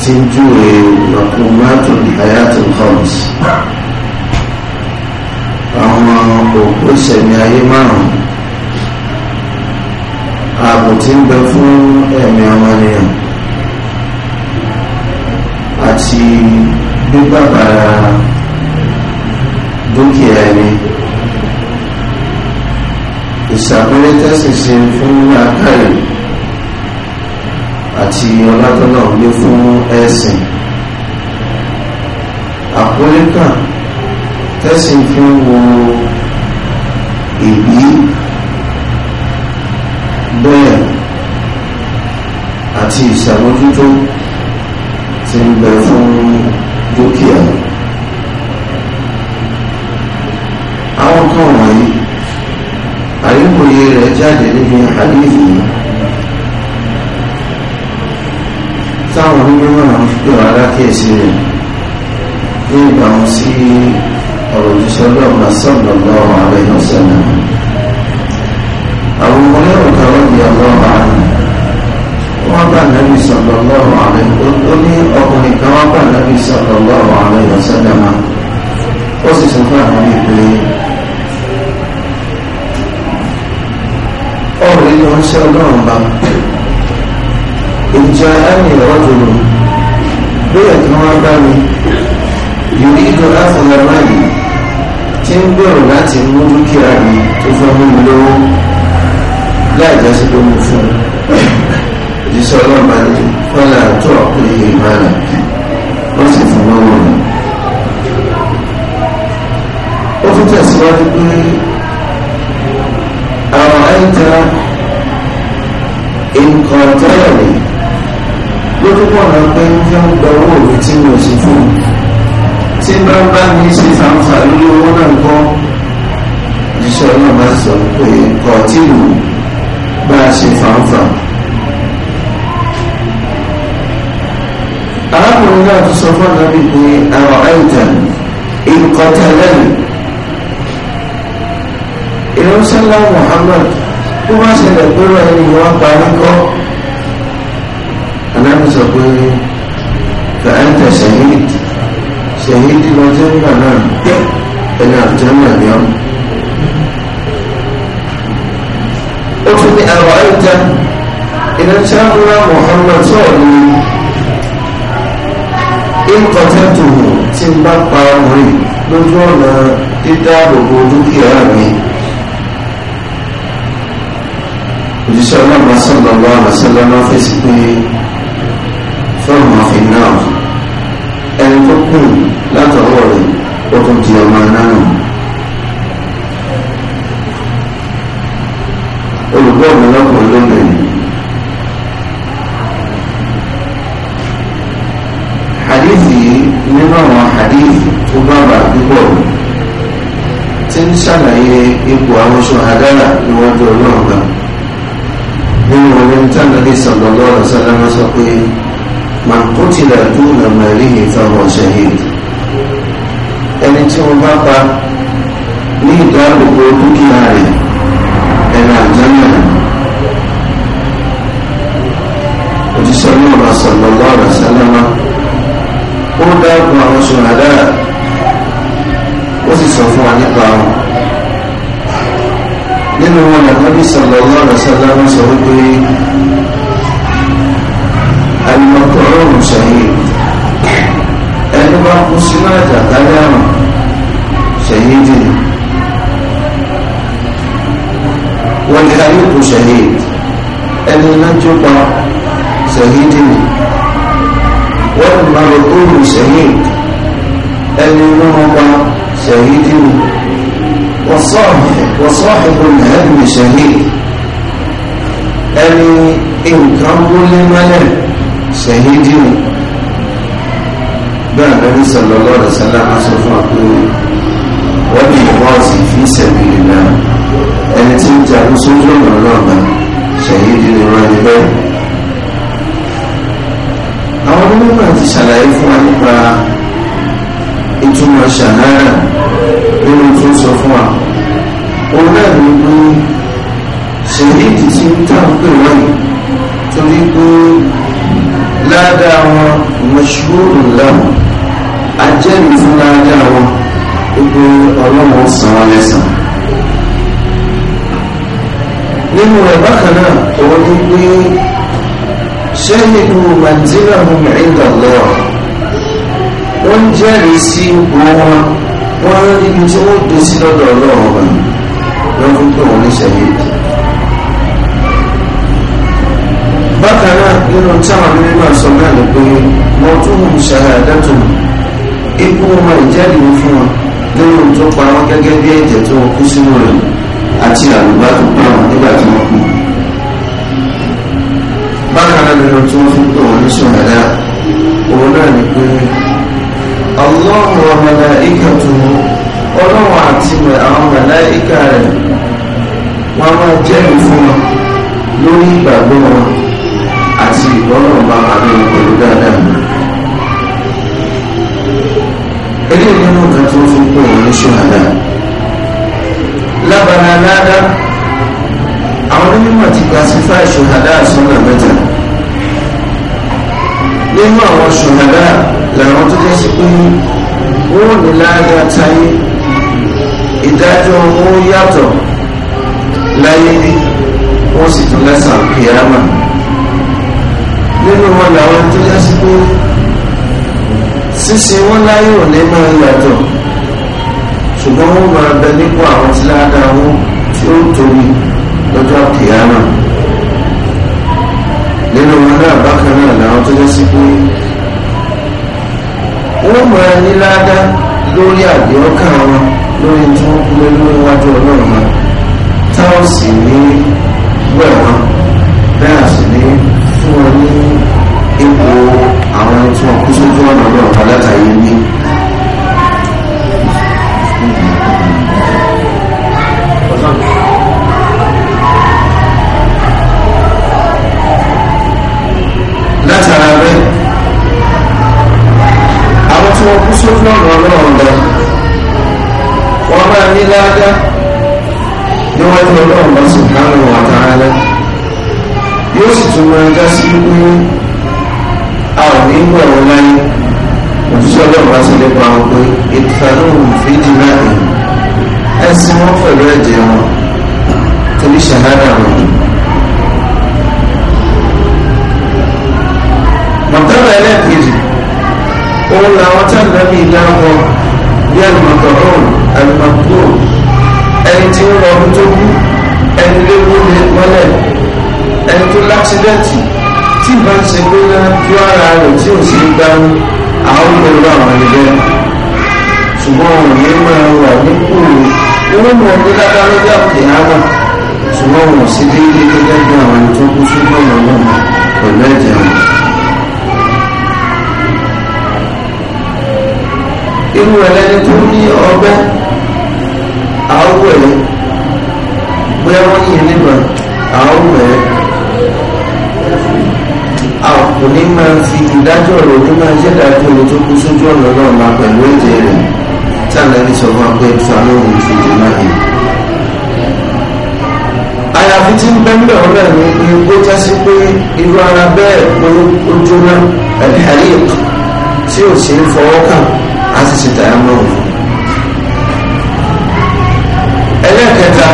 tí ń júwe makumatun hayatul khams àwọn òpó ìṣẹ̀mí ayé márùn-ún ààbò tí ń bẹ fún ẹ̀mí ọmọnìyàn àti gbígbàbàrà dúkìá ẹni ìṣàpẹẹrẹ tẹ́sí ṣe fún àkàrí àti ọlátọ́nà ní fún ẹ̀sìn àkólé tẹ́sìn fi ń wo ìbí bẹ́ẹ̀ àti ìṣàmójútó ti ń bẹ fún dúkìá àwọn kan wọ̀nyí àyíkòye rẹ̀ jáde níbi àdéhùn yìí. táwọn onímọ̀ náà ń pè wọ́n alákẹ́sí rẹ̀ ní ìbámu sí ọ̀rọ̀ òjíṣẹ́ ọlọ́run asọ́ọ̀dọ̀ lọ́wọ́ ààrẹ ìlọ́sẹ̀nà àwọn ọmọ lẹ́wọ̀n kan wọ́n di ọlọ́run ààrẹ wọ́n bá nàbì sọ̀dọ̀ lọ́wọ́ ààrẹ ó ní ọkùnrin kan wọ́n bá nàbì ó sì sọ fún àwọn ìpè ọ̀rọ̀ ìlọ́sẹ̀ ọlọ́run ìjà ẹni ìrọ́jòlò bóyá kí wọ́n bá mi yòrí ìdùn láti lọ láyé tí ń gbèrò láti mú dúkìá mi tó fẹ́ mú mi lówó láì jẹ́ sí pé mo fún un ìṣẹ́ ọlọ́ọ̀bá fọ́lá tó ọ̀pẹ́ ìmáàlà wọ́n sì fún lọ́wọ́ mi. ó tún tẹ̀síwájú pé àwọn àìjá nǹkan tẹ́lẹ̀ nìyí ó tún pọ̀ náà pé ń fẹ́ ń gba tí mo sì fún un tí bá bá mi ṣe sàǹfà lórí owó náà kọ́ iṣẹ́ náà bá sọ pé kọ́ tí mo bá ṣe fàǹfà. arákùnrin náà tún sọ fún ànábì pé àwọn àìtàn ìkọtẹ́lẹ́yìn ìránṣẹ́ láwọn tó bá ṣẹlẹ̀ pé wọ́n ẹni wọ́n parí kọ́ anábì sọ pé fẹ́ẹ́ntẹ̀ sẹ́yìd sẹ́yìd lọ́jọ́ nígbà náà ẹni àtijọ́ náà ni ọ́. ó tún ní àwọn ẹ̀jẹ̀ iná sáfúnà Muhammad sọ̀rọ̀ ní ìkọ̀tẹ́tù tí ń bá pa ọmọrin lójú ọ̀nà dídáàbòbò dúkìá mi. òjíṣẹ́ ọlọ́run sọ̀rọ̀ lọ́wọ́ àṣẹ lọ́nà fèsì pé fóònù ọ̀fìn náà ẹni tó kù látọwọ́ rẹ̀ ó tún di ọmọ náà olùkọ́ mi lọ́kùnrin lónìí hadithi nínú àwọn hadithi tó bàbà púpọ̀ tí ń ṣàlàyé ipò àwọn ṣòhádàrà níwájú ọlọ́ọ̀gbà nínú orin tánàlì sallallahu pé man qutila duna malihi fahuwa shahid ẹni tí wọ́n bá pa ní ìdáàbòbò dúkìá rẹ̀ ẹ̀rọ àjọyọ̀ òjíṣẹ́ náà bá sallallahu alaihi wasallam ó dáàbò àwọn ṣùhàdá ó sì sọ fún wa nípa wọn nínú wọn làbábí sallallahu alaihi wasallam sọ wípé المطعون شهيد ẹni bá kú sínú ẹ̀jà kárí àrùn ṣèyídì wọ́n ní ayíkù ṣèyíd ẹni iná tó pa ṣèyídì wọ́n ní marokóòrù ṣèyíd ẹni iná ọba ṣèyídì wọ́sọ́ọ̀hìbù nìhẹ́bù ṣèyíd ẹni nǹkan múlé mẹ́lẹ̀. ṣẹ̀hídìù bẹ́ẹ̀ lẹ́bí sallallahu alaihi wasallam sọ fún àpéwò wọ́n ní ìwọ́ọ̀sì fi sabilillah ẹni tí ń jagun sójú ọ̀nà náà bá ṣẹ̀hídìù ni wọ́n ní bẹ́ẹ̀. àwọn onímọ̀ ti ṣàlàyé fún wa nípa ìtumọ̀ ṣàhárà nínú tó sọ fún wa òun náà ní pé ṣèyí ti ń tàn pé wọ́n torí pé ládàá wọn mọ̀ṣúrù lẹ́wọ̀n ajẹ́rìí fún ládàá wọn gbogbo ọlọ́wọ́ san wọn lẹ́sàn. nínú rẹ̀ bákan náà òun ni pé ṣẹ́yìnbó màdínà ọmọ ìdàlọ́ wọ́n jẹ́rìí sí ipò wọn wọ́n rí ibi tí wọ́n dé sí lọ́dọ̀ ọlọ́wọ́ wọn lọ́dún tó wọn ní ṣẹ́yìnbó. bákan náà nínú tí àwọn abẹ́rẹ́ náà sọ náà ni pé wọ́n tún hùn ṣàhàdátù ikú wọn ìjẹ́rìí fún wọn nínú tó pa wọn gẹ́gẹ́ bí ẹ̀jẹ̀ tó wọn kú sínú rẹ̀ àti àlùbá tó pa wọn nígbà tí wọ́n kú. bákan náà nínú tí wọ́n fi pè wọ́n ní ṣàhàdá òun náà ni pé ọlọ́run ọmọdé ìkàtù ọlọ́run àti àwọn màláìkà rẹ̀ wọ́n máa jẹ́rìí fún wọn lórí ìgbàgbọ́ wọn àti ìgbọ́nà bá pàdé pẹ̀lú dáadáa. Ilé nínú kan tó fi pé òun ní ṣùhàdá. Lábàrá dáadáa, àwọn onímọ̀ ti glasifá ṣùhàdá sọ́nà mẹ́ta. Nínú àwọn ṣùhàdá làwọn tó jẹ́ sí pé wọ́n ní láàyè táyé. Ìdájọ́ wọn yàtọ̀ láyé bí wọ́n sì tún lẹ́sàn-án kìámà nínú wọn làwọn tó yá sí pé sísin wọn láyé òní máa yàtọ̀ ṣùgbọ́n wọ́n máa bẹ nípò àwọn tí ládàá wọn tí ó tóbi lọ́jọ́ kìá nínú wọn náà bákan náà làwọn tó yá sí pé wọ́n máa ní ládàá lórí àdéhọ́kà wọn lórí tí wọ́n kú lórí iwájú ọlọ́run náà táwọn sì ní wẹ̀ wọn bẹ́ẹ̀ sì ní fún wọn ní àwọn àwọn tí wọ́n kú sójú ọ̀nà náà padà tàyé ní. látara bẹ́ẹ̀ àwọn tí wọ́n kú sójú ọ̀nà náà lọ wọ́n máa ní ládá níwájú ọlọ́run. nígbà wọn láyé òjíṣẹ́ ọlọ́run wá sí nípa wọn pé ìtàlóhùn fíjì náà ẹsìn wọn pẹ̀lú ẹ̀jẹ̀ wọn torí ṣàhádà wọn. mọ̀tàbà ẹlẹ́ẹ̀kejì òun làwọn tábìlẹ́mì ìdáwọ̀ bí àlùmọ̀tọ̀rọ̀n àlùmọ̀tò ẹni tí ń lọ ọdún tó kú ẹni lé wọlé mọ́lẹ̀ ẹni tó láksidẹ́ǹtì tí ìbá ń ṣe pé náà tú ara rẹ̀ tí ò sí dáhùn àwọn olùkọ́ àwọn ẹgbẹ́ ṣùgbọ́n òun ní máa wà nípò olóòmù ọdún dáadáa lọ́jọ́ àpè àwọn ṣùgbọ́n òun sí déédéé gẹ́gẹ́ bí àwọn ẹni tó kú sí gbọ́nà náà ìdájọ́ rẹ̀ ní máa jẹ́ ìdájọ́ ẹni tó kú sójú ọ̀nà náà máa pẹ̀lú ẹ̀jẹ̀ rẹ̀ tí àlẹ́bí sọ fún apẹ́ tí alóhùn láàyè. àyàfi tí ń bẹ́ ń bẹ̀ ọ́ bẹ̀ ní pé ó pé irú ara bẹ́ẹ̀ pé ó jóná ẹ̀dẹ̀ àríyè tí ò sí fọwọ́ kàn á sì ṣe tàyà mọ́ ẹlẹ́ẹ̀kẹta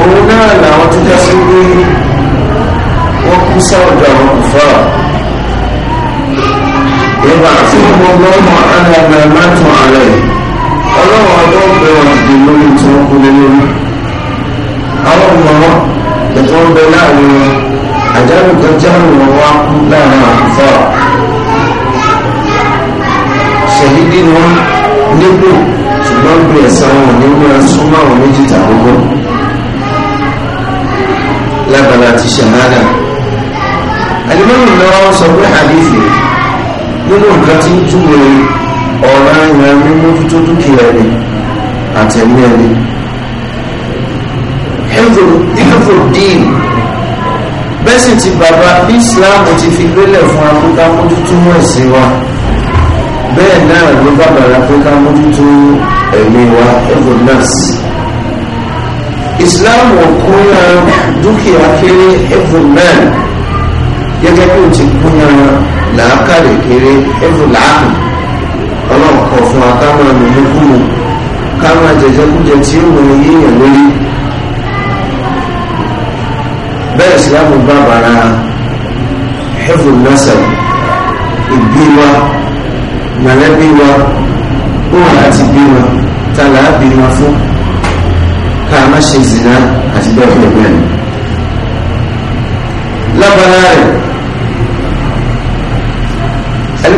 òun náà làwọn tó já pé wọ́n kú sáwọ́dọ̀ àwọn kò fọ́ọ̀rọ̀ nígbà tí gbogbo ọmọ ẹlẹgbẹ mẹtọ alẹ ọlọ́run ọdún pé wọn dìde lórí tí wọn kú lórí àwọn ọmọ ẹ̀tọ́ ń bẹ láàrin wọn kan jẹ àwọn ọmọ kú láàrin àkùfọ. àtẹ̀lé ẹni ẹ̀fọ́ dín bẹ́sìn ti bàbá ní islam ti fi gbélẹ̀ fún akóká mójútó mọ́ ẹ̀sìn wa bẹ́ẹ̀ náà ló bàbá akóká mójútó ẹ̀mí wa ẹ̀fọ́ nọ́ọ̀sì islam kúnra dúkìá kéré ẹ̀fọ́ náà gẹ́gẹ́ bí o ti kúnra làákàlẹ̀ kéré ẹ̀fọ́ làákùn ọlọ́run kọ̀ fún akáwọn ẹ̀mí kúrò káwọn àjẹjẹkújẹ tí ó mọ iye yẹn lórí bẹ́ẹ̀ ìsìlámù bá bàrà hifun nasab ìbí wa mọ̀lẹ́bí wa òun àti bí wa tààlà bí wa fún ká má ṣe zìnà àti bẹ́ẹ̀ fún ẹgbẹ́ rẹ̀ lábàárà rẹ̀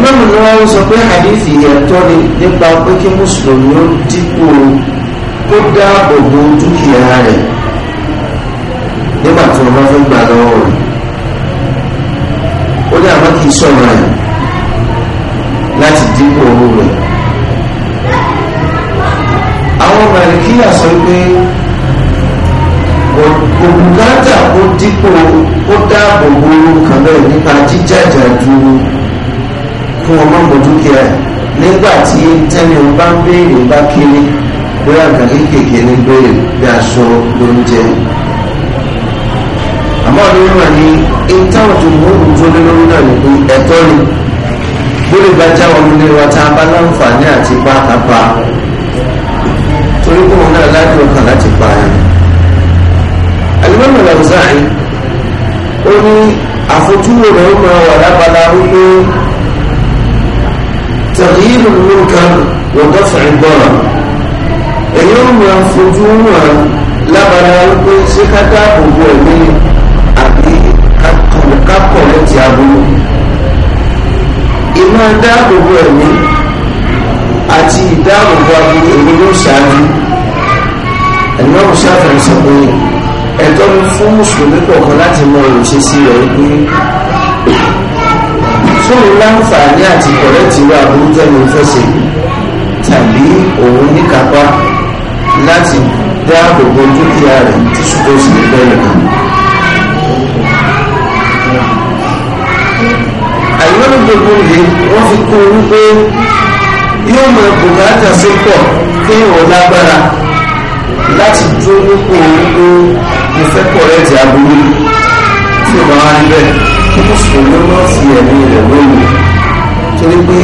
ìmáàmù ni wọ́n sọ pé àdìsí ẹ̀tọ́ ni nípa pé kí mùsùlùmí ó dínkù kó dáàbò bo dúkìá rẹ̀ nígbà tí wọ́n bá fẹ́ gbà lọ́wọ́ rẹ̀ ó ní àwọn kì í sọ̀rọ̀ rẹ̀ láti dínkù owó rẹ̀ àwọn màlìkíyà sọ pé òbúkátà ó dínkù ó dáàbò bo kan bẹ́ẹ̀ nípa jíjàjà ju kí wọ́n má mọ dúkìá ẹ̀ nígbà tí tẹ́ni ń bá ń béèrè ń bá kéré bóyá nǹkan kéékèèké ní béèrè bí aṣọ lóúnjẹ. àmọ́ ní mímọ̀ ní ìtàwọn tó mú òun tó lé lórí náà ní ẹ̀tọ́ ni bóyá ìgbà jáwọ́ nílé wa tá a bá láǹfààní àti pátápá torí kó wọn náà láti ọkàn láti pa ẹ̀. alimami làwùzáì ó ní àfojúwò rẹ̀ ó máa wà lábala wípé. تغيير المنكر ودفع الضرر èyí ó máa fojú wọn lábara wípé ṣé ká dáàbòbò ẹ̀mí àbí kákọ̀ lẹ́tì aburú ìmọ̀ dáàbòbò ẹ̀mí àti ìdáàbòbò aburú èmi ló ṣáájú ẹ̀mí ọ̀hún ṣáfẹ́ sọ pé ẹ̀tọ́ fún mùsùlùmí kọ̀ọ̀kan láti mọ òṣèṣì rẹ̀ pé fún láǹfààní àti kọ̀rẹ́tì wa burú tẹ́lẹ̀ fẹ́sẹ̀ tàbí òun níkápá láti dáàbò dúkìá rẹ̀ tí ṣùgbọ́n sì lè kan. àyọ̀rọ̀ gbogbo yìí wọ́n fi kún un pé yóò mọ bùkátà sí pọ̀ kí wọ́n lágbára láti dúró nípò òun pé mo fẹ́ kọ̀rẹ́tì aburú tí ò bá wá níbẹ̀ kí mùsùlùmí má fi ẹ̀mí rẹ̀ lóyún torí pé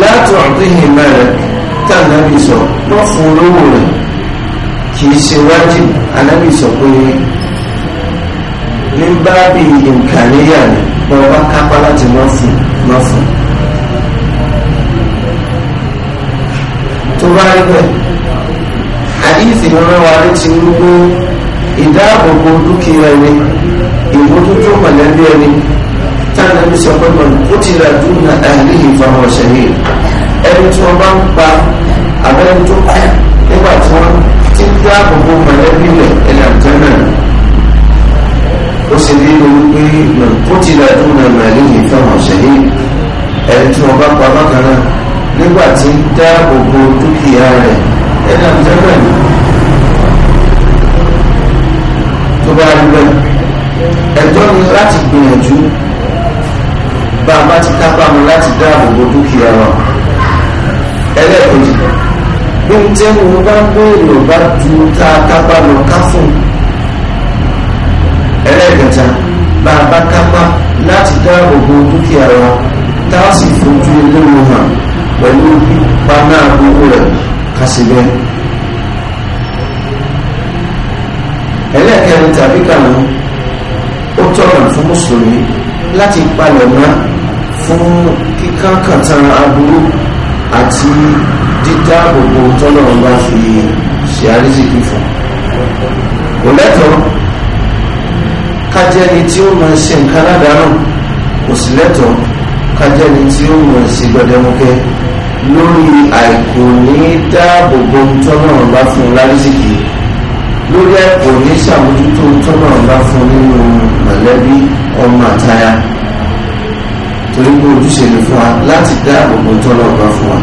látọ̀ àdéhìn mẹ́rẹ̀ tànàbì sọ lọ́ fún olówó rẹ̀ kì í ṣe wájú ànábì sọ pé ní báàbí ìǹkàníyà ni bọ́ bá kápá láti má fún má fún. tó bá rí bẹ́ẹ̀ àdéhìn ìfìwọ́n wa létí wípé ìdáàbòbò dúkìá ẹni ìmójútó mọ̀lẹ́bí ẹni táwọn ẹbí sọ pé mọ̀ ó ti rà dúnà àìrí ìfọwọ́ ṣẹ̀yìn ẹni tí wọ́n bá ń pa abẹ́rẹ́ tó kú nígbà tí wọ́n ti ń dáàbò bo mọ̀lẹ́bí rẹ̀ ẹ̀là jẹ́nà ó sì rí lórí pé ó ti rà dúnà àìrí ìfọwọ́ ṣẹ̀yìn ẹni tí wọ́n bá pa bákan nígbà tí ń dáàbò bo dúkìá rẹ̀ ẹ̀là jẹ́nà tó bá rí bẹ́ẹ̀ ní láti gbìyànjú bá a bá ti kápá mu láti dáàbò bo dúkìá wa ẹlẹ́ẹ̀kejì bí n tẹ́ mo bá gbèrò bá ju tá a kápá lọ ká fún ẹlẹ́ẹ̀kẹta bá a bá kápá láti dáàbò bo dúkìá wa tá a sì fojú olówó hàn pẹ̀lú paná gbogbo rẹ̀ kásìbẹ́. ẹlẹ́ẹ̀kẹrin tàbí kàwọn tọ̀nà fún mùsùlùmí láti palẹ̀ mọ́ fún kíkánkàntàn aburú àti dídáàbòbò tọ́nà ọba fi ṣe àrísìkí fún kò lẹ́tọ̀ọ́ kájẹ́ni tí ó máa ṣe nǹkan ládàánù kò sì lẹ́tọ̀ọ́ kájẹ́ni tí ó máa ṣe gbọdẹmukẹ lórí àìkò ní dáàbòbò tọ́nà ọba fún lárísìkí lórí fún wa láti dá àbòbò tọ́lọ̀ ọba fún wa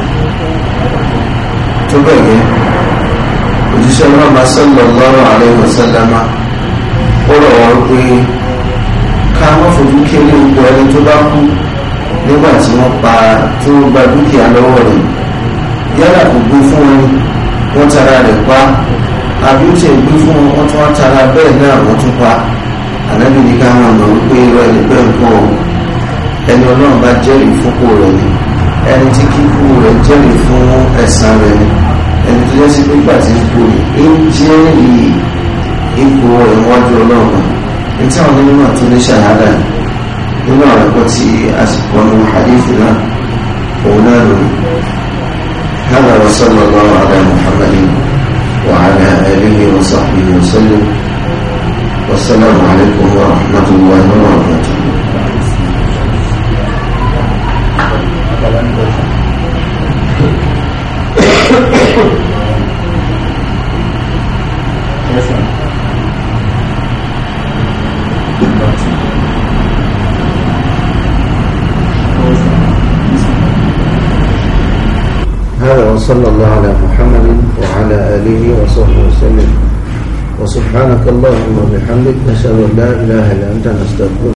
tó bẹ́ẹ̀ yẹn òjíṣẹ́ ọlọ́ba sallallahu alaihi wasallama ó rọ̀ wọ́n pé ká má fojú kéré gbogbo ẹni tó bá kú nígbà tí wọ́n pa tí wọ́n gba dúkìá lọ́wọ́ rẹ̀ yálà kò gbé fún wọn wọ́n tara rẹ̀ pa àbí ó ti gbé fún wọn wọ́n tún wá tara bẹ́ẹ̀ náà wọ́n tún pa ànábìyí ká wọn lọ wípé ìrọ̀ ẹ̀ ẹni ọlọ́run bá jẹ́rìí fúnpò rẹ̀ ni ẹni tí kíkú rẹ̀ jẹ́rìí fún ẹ̀san rẹ̀ ni ẹni tó jẹ́ sí pípa tí ń pò ní ń jẹ́rìí ipò ìwájú ọlọ́run ní tí àwọn onímọ̀ tó ní ṣàhádà nínú àwọn ẹ̀kọ́ tí àsìkò ọ̀nà hadithi náà òun náà lòun هذا وصلى الله على محمد وعلى آله وصحبه وسلم والسلام عليكم ورحمة الله وبركاته وصلى الله على محمد وعلى آله وصحبه وسلم وسبحانك اللهم وبحمدك نشهد أن لا إله إلا أنت نستغفرك